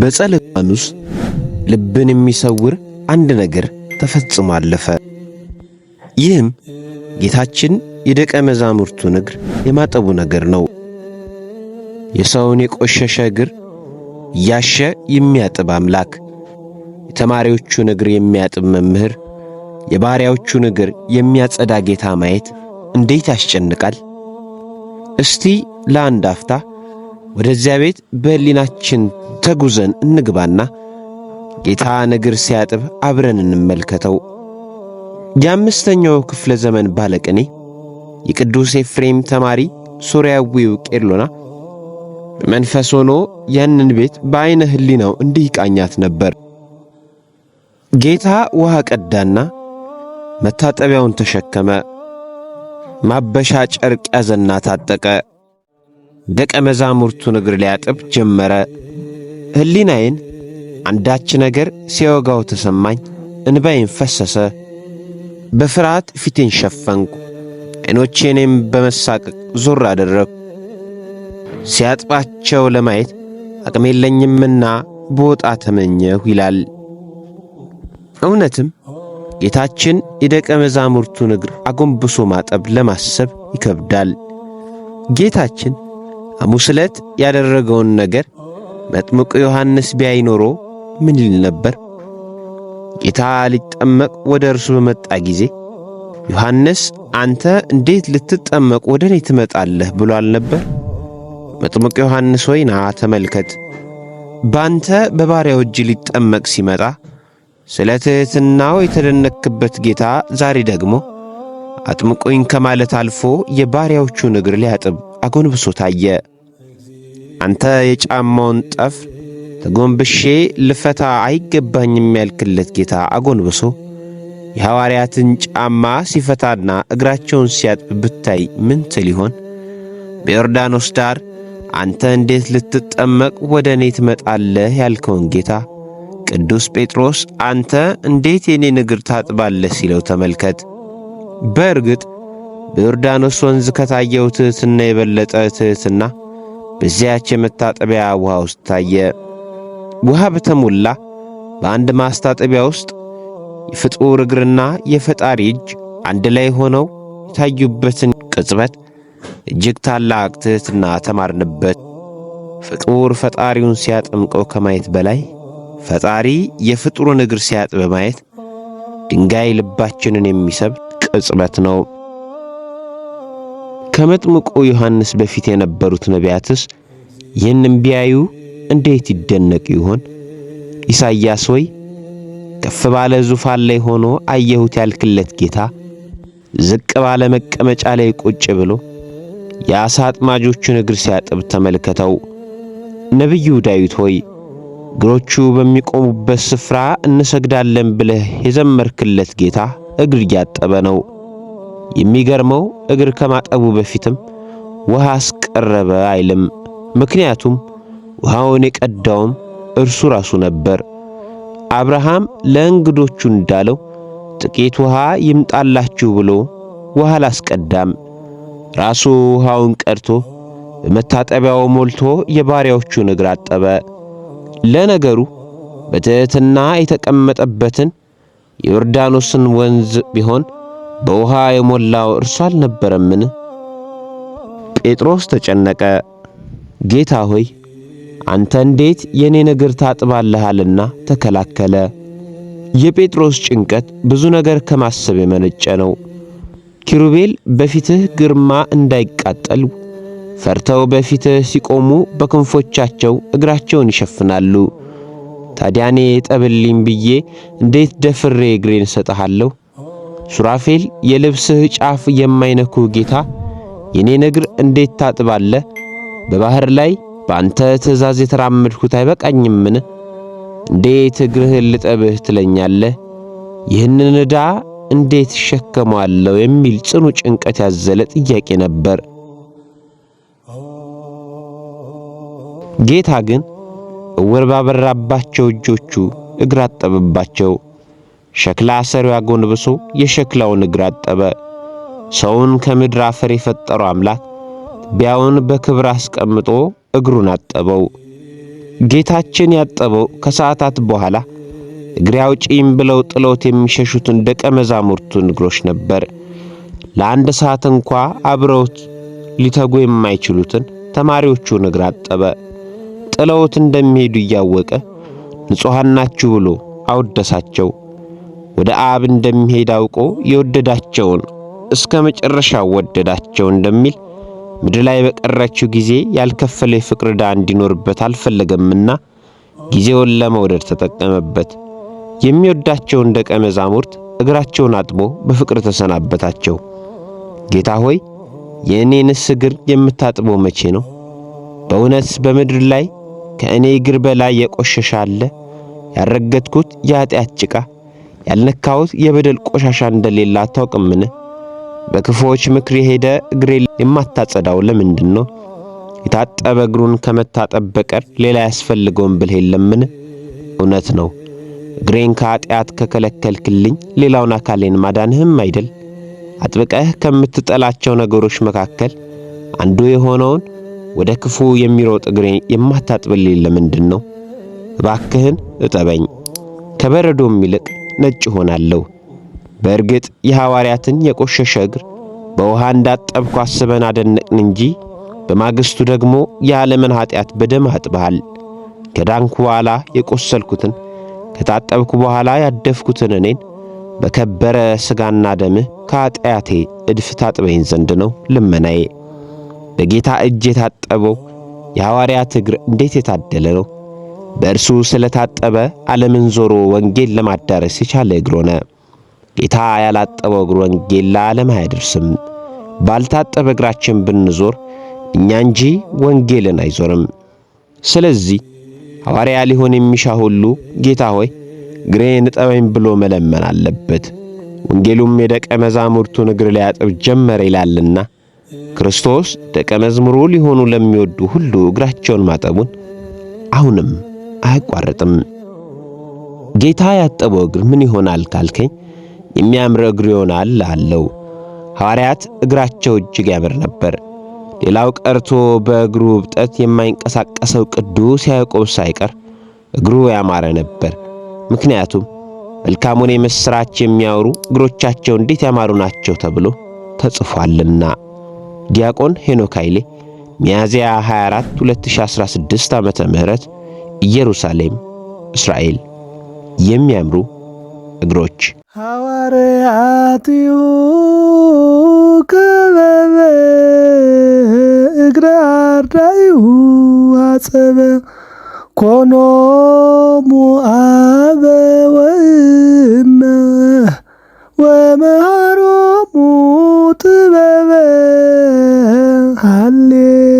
በጸሎተ ልብን የሚሰውር አንድ ነገር ተፈጽሞ አለፈ። ይህም ጌታችን የደቀ መዛሙርቱን እግር የማጠቡ ነገር ነው። የሰውን የቆሸሸ እግር እያሸ የሚያጥብ አምላክ፣ የተማሪዎቹን እግር የሚያጥብ መምህር፣ የባሪያዎቹን እግር የሚያጸዳ ጌታ ማየት እንዴት ያስጨንቃል! እስቲ ለአንድ አፍታ ወደዚያ ቤት በሕሊናችን ተጉዘን እንግባና ጌታ እግር ሲያጥብ አብረን እንመልከተው። የአምስተኛው ክፍለ ዘመን ባለቅኔ የቅዱስ ኤፍሬም ተማሪ ሶርያዊው ቄርሎና በመንፈስ ሆኖ ያንን ቤት በዐይነ ሕሊናው እንዲህ ቃኛት ነበር። ጌታ ውሃ ቀዳና መታጠቢያውን ተሸከመ። ማበሻ ጨርቅ ያዘና ታጠቀ። ደቀ መዛሙርቱን እግር ሊያጥብ ጀመረ። ሕሊናዬን አንዳች ነገር ሲወጋው ተሰማኝ። እንባዬን ፈሰሰ። በፍርሃት ፊቴን ሸፈንኩ። ዐይኖቼንም በመሳቀቅ ዞር አደረግኩ። ሲያጥባቸው ለማየት አቅም የለኝምና በወጣ ተመኘሁ ይላል። እውነትም ጌታችን የደቀ መዛሙርቱን እግር አጎንብሶ ማጠብ ለማሰብ ይከብዳል። ጌታችን ሐሙስ ዕለት ያደረገውን ነገር መጥምቁ ዮሐንስ ቢያይ ኖሮ ምን ይል ነበር? ጌታ ሊጠመቅ ወደ እርሱ በመጣ ጊዜ ዮሐንስ አንተ እንዴት ልትጠመቅ ወደ እኔ ትመጣለህ ብሏል ነበር? መጥምቁ ዮሐንስ ሆይ ና ተመልከት፣ ባንተ በባሪያው እጅ ሊጠመቅ ሲመጣ ስለ ትሕትናው የተደነክበት ጌታ ዛሬ ደግሞ አጥምቆኝ ከማለት አልፎ የባሪያዎቹን እግር ሊያጥብ አጎንብሶ ታየ። አንተ የጫማውን ጠፍ ተጎንብሼ ልፈታ አይገባኝም ያልክለት ጌታ አጎንብሶ የሐዋርያትን ጫማ ሲፈታና እግራቸውን ሲያጥብ ብታይ ምን ትል ይሆን? በዮርዳኖስ ዳር አንተ እንዴት ልትጠመቅ ወደ እኔ ትመጣለህ ያልከውን ጌታ ቅዱስ ጴጥሮስ አንተ እንዴት የኔን እግር ታጥባለህ ሲለው ተመልከት። በእርግጥ በዮርዳኖስ ወንዝ ከታየው ትሕትና የበለጠ ትሕትና በዚያች የመታጠቢያ ውሃ ውስጥ ታየ። ውሃ በተሞላ በአንድ ማስታጠቢያ ውስጥ የፍጡር እግርና የፈጣሪ እጅ አንድ ላይ ሆነው የታዩበትን ቅጽበት እጅግ ታላቅ ትሕትና ተማርንበት። ፍጡር ፈጣሪውን ሲያጠምቀው ከማየት በላይ ፈጣሪ የፍጥሩን እግር ሲያጥ በማየት ድንጋይ ልባችንን የሚሰብ ቅጽበት ነው። ከመጥምቁ ዮሐንስ በፊት የነበሩት ነቢያትስ ይህንም ቢያዩ እንዴት ይደነቅ ይሆን? ኢሳይያስ ወይ ከፍ ባለ ዙፋን ላይ ሆኖ አየሁት ያልክለት ጌታ ዝቅ ባለ መቀመጫ ላይ ቁጭ ብሎ የአሳ አጥማጆቹን እግር ሲያጥብ ተመልከተው። ነቢዩ ዳዊት ሆይ እግሮቹ በሚቆሙበት ስፍራ እንሰግዳለን ብለህ የዘመርክለት ጌታ እግር እያጠበ ነው። የሚገርመው እግር ከማጠቡ በፊትም ውሃ አስቀረበ አይልም። ምክንያቱም ውሃውን የቀዳውም እርሱ ራሱ ነበር። አብርሃም ለእንግዶቹ እንዳለው ጥቂት ውሃ ይምጣላችሁ ብሎ ውሃ አላስቀዳም። ራሱ ውሃውን ቀድቶ በመታጠቢያው ሞልቶ የባሪያዎቹን እግር አጠበ። ለነገሩ በትሕትና የተቀመጠበትን የዮርዳኖስን ወንዝ ቢሆን በውሃ የሞላው እርሱ አልነበረምን? ጴጥሮስ ተጨነቀ። ጌታ ሆይ አንተ እንዴት የእኔን እግር ታጥባለሃልና ተከላከለ። የጴጥሮስ ጭንቀት ብዙ ነገር ከማሰብ የመነጨ ነው። ኪሩቤል በፊትህ ግርማ እንዳይቃጠል ፈርተው በፊትህ ሲቆሙ በክንፎቻቸው እግራቸውን ይሸፍናሉ። ታዲያ እኔ ጠብልኝ ብዬ እንዴት ደፍሬ እግሬን ሰጠሃለሁ? ሱራፌል የልብስህ ጫፍ የማይነኩ ጌታ የኔን እግር እንዴት ታጥባለ! በባህር ላይ በአንተ ትእዛዝ የተራመድኩት አይበቃኝምን? እንዴት እግርህን ልጠብህ ትለኛለህ? ይህንን ዕዳ እንዴት እሸከመዋለሁ? የሚል ጽኑ ጭንቀት ያዘለ ጥያቄ ነበር። ጌታ ግን እውር ባበራባቸው እጆቹ እግር አጠበባቸው። ሸክላ ሰሪው አጎንብሶ የሸክላውን እግር አጠበ። ሰውን ከምድር አፈር የፈጠረው አምላክ ቢያውን በክብር አስቀምጦ እግሩን አጠበው። ጌታችን ያጠበው ከሰዓታት በኋላ እግሬ አውጪኝ ብለው ጥለውት የሚሸሹትን ደቀ መዛሙርቱን እግሮች ነበር። ለአንድ ሰዓት እንኳ አብረውት ሊተጉ የማይችሉትን ተማሪዎቹን እግር አጠበ። ጥለውት እንደሚሄዱ እያወቀ ንጹሐን ናችሁ ብሎ አወደሳቸው። ወደ አብ እንደሚሄድ አውቆ የወደዳቸውን እስከ መጨረሻው ወደዳቸው እንደሚል ምድር ላይ በቀረችው ጊዜ ያልከፈለ የፍቅር ዕዳ እንዲኖርበት አልፈለገምና ጊዜውን ለመውደድ ተጠቀመበት። የሚወዳቸውን ደቀ መዛሙርት እግራቸውን አጥቦ በፍቅር ተሰናበታቸው። ጌታ ሆይ የእኔንስ እግር የምታጥበው መቼ ነው? በእውነት በምድር ላይ ከእኔ እግር በላይ የቆሸሸ አለ? ያልረገጥኩት የኀጢአት ጭቃ ያልነካሁት የበደል ቆሻሻ እንደሌለ አታውቅምን? በክፉዎች ምክር የሄደ እግሬ የማታጸዳው ለምንድን ነው? የታጠበ እግሩን ከመታጠብ በቀር ሌላ ያስፈልገውን ብልህ የለምን? እውነት ነው። እግሬን ከኀጢአት ከከለከልክልኝ ሌላውን አካሌን ማዳንህም አይደል? አጥብቀህ ከምትጠላቸው ነገሮች መካከል አንዱ የሆነውን ወደ ክፉ የሚሮጥ እግሬ የማታጥብልኝ ለምንድን ነው? እባክህን እጠበኝ፣ ከበረዶም ይልቅ ነጭ ሆናለሁ። በእርግጥ የሐዋርያትን የቆሸሸ እግር በውሃ እንዳጠብኩ አስበን አደነቅን እንጂ በማግስቱ ደግሞ የዓለምን ኀጢአት በደም አጥበሃል። ከዳንኩ በኋላ የቆሰልኩትን ከታጠብኩ በኋላ ያደፍኩትን እኔን በከበረ ሥጋና ደምህ ከኀጢአቴ እድፍ ታጥበኝ ዘንድ ነው ልመናዬ። በጌታ እጅ የታጠበው የሐዋርያት እግር እንዴት የታደለ ነው! በእርሱ ስለታጠበ ዓለምን ዞሮ ወንጌል ለማዳረስ የቻለ እግር ሆነ። ጌታ ያላጠበው እግር ወንጌል ለዓለም አያደርስም። ባልታጠበ እግራችን ብንዞር እኛ እንጂ ወንጌልን አይዞርም። ስለዚህ ሐዋርያ ሊሆን የሚሻ ሁሉ ጌታ ሆይ እግሬን እጠበኝ ብሎ መለመን አለበት። ወንጌሉም የደቀ መዛሙርቱን እግር ሊያጥብ ጀመረ ይላልና ክርስቶስ ደቀ መዝሙሩ ሊሆኑ ለሚወዱ ሁሉ እግራቸውን ማጠቡን አሁንም አያቋርጥም። ጌታ ያጠበው እግር ምን ይሆናል ካልከኝ የሚያምር እግር ይሆናል አለው። ሐዋርያት እግራቸው እጅግ ያምር ነበር። ሌላው ቀርቶ በእግሩ እብጠት የማይንቀሳቀሰው ቅዱስ ያዕቆብ ሳይቀር እግሩ ያማረ ነበር። ምክንያቱም መልካሙን የምሥራች የሚያወሩ እግሮቻቸው እንዴት ያማሩ ናቸው ተብሎ ተጽፏልና። ዲያቆን ሄኖክ ኃይሌ ሚያዝያ 24 2016 ዓመተ ምህረት ኢየሩሳሌም እስራኤል የሚያምሩ እግሮች ሐዋርያትሁ ከበበ እግረ አርዳኢሁ አጸበ ኮኖሙ አበ ወእመ ወመሃሮሙ ጥበበ ሃሌ